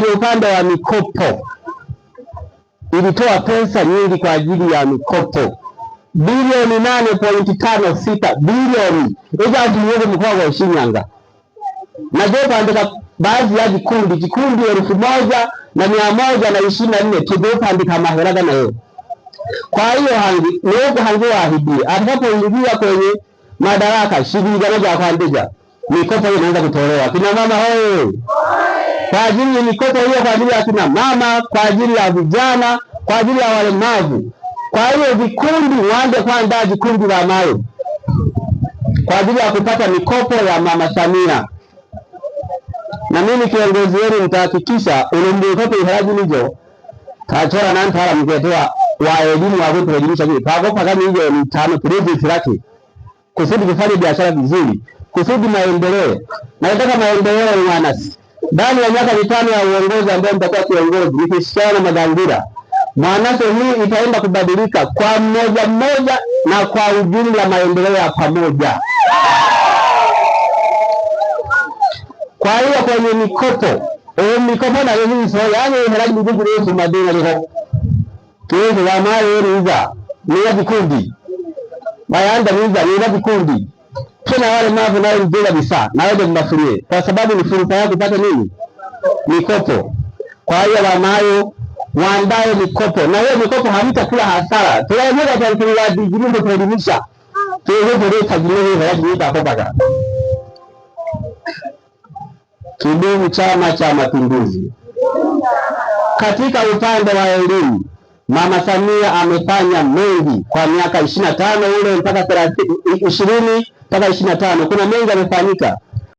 kwenye upande wa mikopo, ilitoa pesa nyingi kwa ajili ya mikopo bilioni nane pointi tano sita bilioni ijatuiweze mkoa wa Shinyanga najeupandika baadhi ya vikundi vikundi elfu moja na mia moja na ishirini na nne tugupandika mahera ganayo. Kwa hiyo hangi nugu hangi wahidi atakapoingia kwenye madaraka, shughuli zake za kuandika mikopo inaanza kutolewa. Kina mama hoye! kwa ajili ya mikopo hiyo, kwa ajili ya kina mama, kwa ajili ya vijana, kwa ajili ya walemavu. Kwa hiyo vikundi waanze kuandaa vikundi vya mayo kwa ajili ya kupata mikopo ya mama Samia, na mimi kiongozi wenu nitahakikisha ulumbuikopo iharajilijo tatora nantara mketewa wa elimu wa elimisha juu pagopa kama hiyo ni tano kredit lake kusudi kufanya biashara vizuri kusudi maendeleo. Nataka maendeleo wanasi ndani ya miaka mitano ya uongozi ambayo mtakuwa kiongozi ni Cristiano Madangira, Mwanase hii itaenda kubadilika kwa mmoja mmoja na kwa ujumla, maendeleo ya pamoja. Kwa hiyo kwenye mikopo e, mikopo naiiso yani heragiguguresumadinaliho kintu bamayeeriza niya vikundi bayanda ni ya yaani vikundi tena wale mnavu nawe mzee kabisa, na wewe mbafurie, kwa sababu ni fursa yako kupata nini? Mikopo. Kwa hiyo wanayo waandayo mikopo, na hiyo mikopo kula hasara. tunaendelea kwa kujirinda kuelimisha hiyo tajiri wa yaji itakopa Kidumu Chama cha Mapinduzi. Katika upande wa elimu, Mama Samia amefanya mengi kwa miaka 25 ule mpaka 30 20 mpaka ishirini na tano. Kuna mengi yamefanyika.